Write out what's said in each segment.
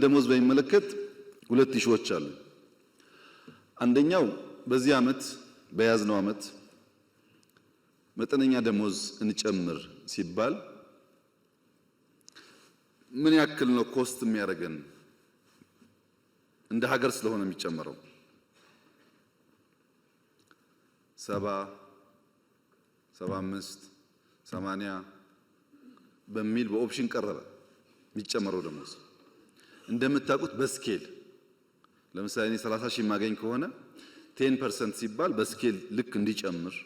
ደሞዝ በሚመለከት ሁለት ሺዎች አሉ። አንደኛው በዚህ ዓመት በያዝነው ዓመት መጠነኛ ደሞዝ እንጨምር ሲባል ምን ያክል ነው ኮስት የሚያደርገን እንደ ሀገር ስለሆነ የሚጨመረው ሰባ ሰባ አምስት ሰማንያ በሚል በኦፕሽን ቀረበ የሚጨመረው ደሞዝ እንደምታውቁት በስኬል ለምሳሌ እኔ 30 ሺህ የማገኝ ከሆነ 10% ሲባል በስኬል ልክ እንዲጨምር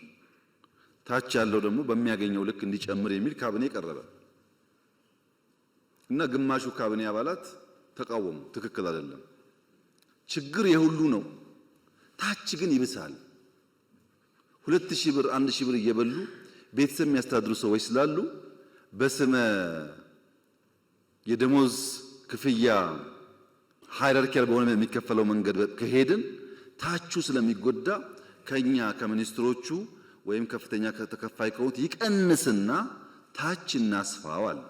ታች ያለው ደግሞ በሚያገኘው ልክ እንዲጨምር የሚል ካቢኔ ቀረበ እና ግማሹ ካቢኔ አባላት ተቃወሙ። ትክክል አይደለም፣ ችግር የሁሉ ነው፣ ታች ግን ይብሳል። ሁለት ሺህ ብር አንድ ሺህ ብር እየበሉ ቤተሰብ የሚያስተዳድሩ ሰዎች ስላሉ በስመ የደሞዝ ክፍያ ሃይራርኪያል በሆነ የሚከፈለው መንገድ ከሄድን ታቹ ስለሚጎዳ ከኛ ከሚኒስትሮቹ ወይም ከፍተኛ ተከፋይ ከሆኑት ይቀንስና ታች እናስፋዋል።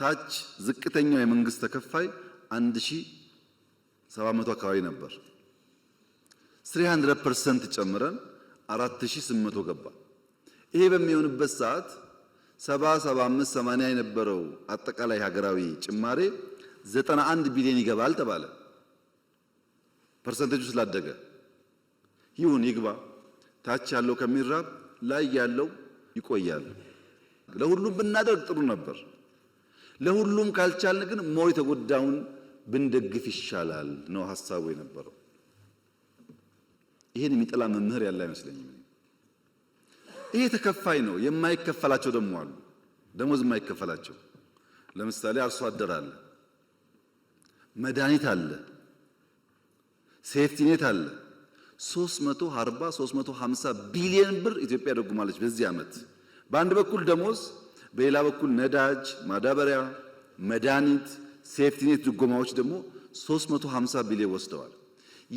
ታች ዝቅተኛው የመንግስት ተከፋይ 1700 አካባቢ ነበር። 300% ጨምረን 4800 ገባ። ይሄ በሚሆንበት ሰዓት ሰባ ሰባ አምስት ሰማንያ የነበረው አጠቃላይ ሀገራዊ ጭማሬ ዘጠና አንድ ቢሊዮን ይገባል ተባለ። ፐርሰንቴጁ ስላደገ ይሁን ይግባ። ታች ያለው ከሚራብ ላይ ያለው ይቆያል። ለሁሉም ብናደርግ ጥሩ ነበር። ለሁሉም ካልቻልን ግን ሞይ የተጎዳውን ብንደግፍ ይሻላል ነው ሀሳቡ የነበረው። ይህን የሚጠላ መምህር ያለ አይመስለኝም። ይሄ ተከፋይ ነው። የማይከፈላቸው ደግሞ አሉ፣ ደሞዝ የማይከፈላቸው ለምሳሌ አርሶ አደር አለ፣ መድኃኒት አለ፣ ሴፍቲኔት አለ። 340 350 ቢሊዮን ብር ኢትዮጵያ ደጉማለች በዚህ ዓመት። በአንድ በኩል ደሞዝ፣ በሌላ በኩል ነዳጅ፣ ማዳበሪያ፣ መድኃኒት፣ ሴፍቲኔት ድጎማዎች ደግሞ 350 ቢሊዮን ወስደዋል።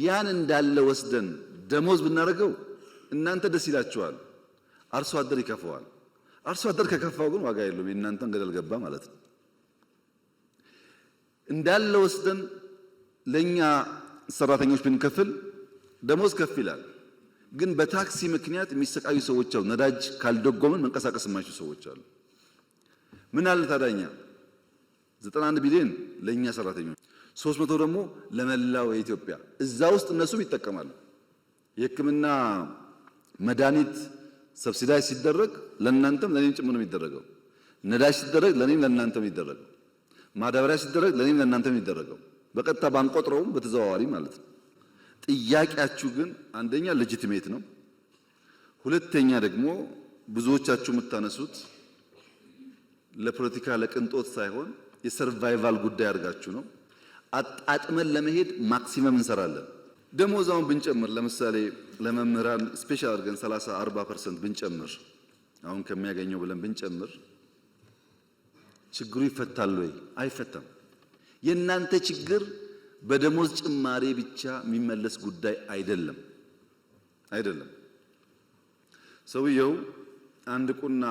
ያን እንዳለ ወስደን ደሞዝ ብናደርገው እናንተ ደስ ይላችኋል። አርሶ አደር ይከፈዋል። አርሶ አደር ከከፋው ግን ዋጋ የለውም። የእናንተን ገደል ገባ ማለት ነው። እንዳለ ወስደን ለኛ ሰራተኞች ብንከፍል ደሞዝ ከፍ ይላል። ግን በታክሲ ምክንያት የሚሰቃዩ ሰዎች አሉ። ነዳጅ ካልደጎምን መንቀሳቀስ የማይችሉ ሰዎች አሉ። ምን አለ ታዳኛ 91 ቢሊዮን ለኛ ሰራተኞች፣ 300 ደግሞ ለመላው የኢትዮጵያ። እዛ ውስጥ እነሱም ይጠቀማሉ የሕክምና መድኃኒት ሰብሲዳይ ሲደረግ ለእናንተም ለእኔም ጭምር ነው የሚደረገው። ነዳጅ ሲደረግ ለእኔም ለእናንተም የሚደረገው። ማዳበሪያ ሲደረግ ለእኔም ለእናንተም የሚደረገው። በቀጥታ ባንቆጥረውም በተዘዋዋሪ ማለት ነው። ጥያቄያችሁ ግን አንደኛ ሌጂቲሜት ነው፣ ሁለተኛ ደግሞ ብዙዎቻችሁ የምታነሱት ለፖለቲካ ለቅንጦት ሳይሆን የሰርቫይቫል ጉዳይ አድርጋችሁ ነው። አጣጥመን ለመሄድ ማክሲመም እንሰራለን። ደሞዛውን ብንጨምር ለምሳሌ ለመምህራን ስፔሻል አድርገን 30 40 ፐርሰንት ብንጨምር አሁን ከሚያገኘው ብለን ብንጨምር ችግሩ ይፈታል ወይ? አይፈታም። የእናንተ ችግር በደሞዝ ጭማሬ ብቻ የሚመለስ ጉዳይ አይደለም አይደለም። ሰውየው አንድ ቁና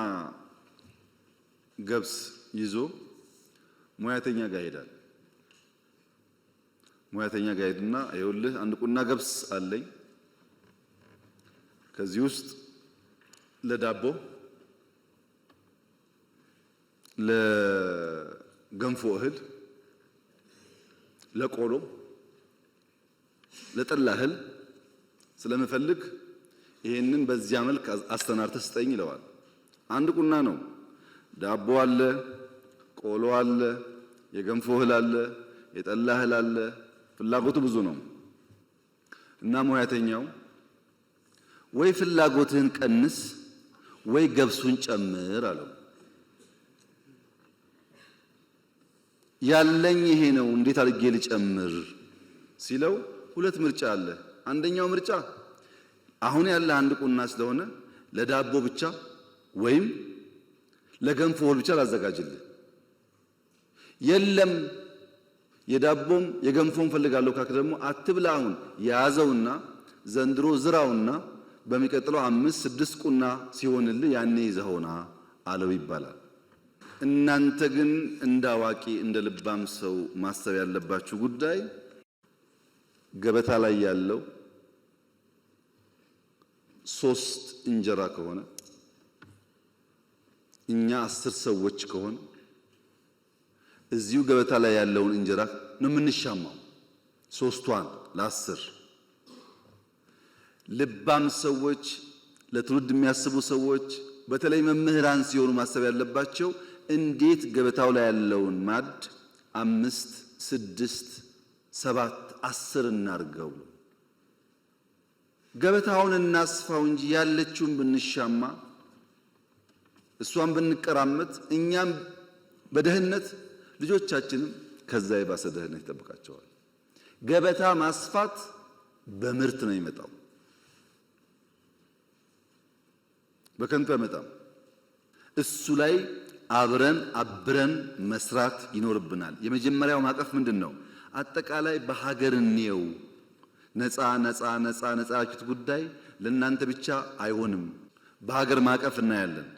ገብስ ይዞ ሙያተኛ ጋር ይሄዳል። ሙያተኛ ጋር ሄድና ይኸውልህ አንድ ቁና ገብስ አለኝ ከዚህ ውስጥ ለዳቦ ለገንፎ እህል፣ ለቆሎ፣ ለጠላ እህል ስለምፈልግ ይሄንን በዚያ መልክ አስተናርተ ስጠኝ ይለዋል። አንድ ቁና ነው። ዳቦ አለ፣ ቆሎ አለ፣ የገንፎ እህል አለ፣ የጠላ እህል አለ ፍላጎቱ ብዙ ነው እና ሙያተኛው ወይ ፍላጎትህን ቀንስ ወይ ገብሱን ጨምር አለው። ያለኝ ይሄ ነው፣ እንዴት አድርጌ ልጨምር ሲለው ሁለት ምርጫ አለ። አንደኛው ምርጫ አሁን ያለ አንድ ቁና ስለሆነ ለዳቦ ብቻ ወይም ለገንፎ ብቻ ላዘጋጅልህ የለም የዳቦም የገንፎም ፈልጋለሁ ካክ ደግሞ አትብላውን ያዘውና ዘንድሮ ዝራውና በሚቀጥለው አምስት ስድስት ቁና ሲሆንልህ ያኔ ይዘኸውና አለው ይባላል። እናንተ ግን እንደ አዋቂ እንደ ልባም ሰው ማሰብ ያለባችሁ ጉዳይ ገበታ ላይ ያለው ሶስት እንጀራ ከሆነ እኛ አስር ሰዎች ከሆነ እዚሁ ገበታ ላይ ያለውን እንጀራ ነው የምንሻማው። ሶስቷን ለአስር ልባም ሰዎች፣ ለትውልድ የሚያስቡ ሰዎች በተለይ መምህራን ሲሆኑ ማሰብ ያለባቸው እንዴት ገበታው ላይ ያለውን ማድ አምስት፣ ስድስት፣ ሰባት፣ አስር እናርገው። ገበታውን እናስፋው እንጂ ያለችውን ብንሻማ እሷን ብንቀራመት እኛም በደህንነት ልጆቻችንም ከዛ የባሰ ደህንነት ይጠብቃቸዋል። ገበታ ማስፋት በምርት ነው የሚመጣው፣ በከንቱ አይመጣም። እሱ ላይ አብረን አብረን መስራት ይኖርብናል። የመጀመሪያው ማዕቀፍ ምንድን ነው? አጠቃላይ በሀገር እንየው። ነፃ ነፃ ነፃ ነፃ ያችሁት ጉዳይ ለእናንተ ብቻ አይሆንም። በሀገር ማዕቀፍ እናያለን።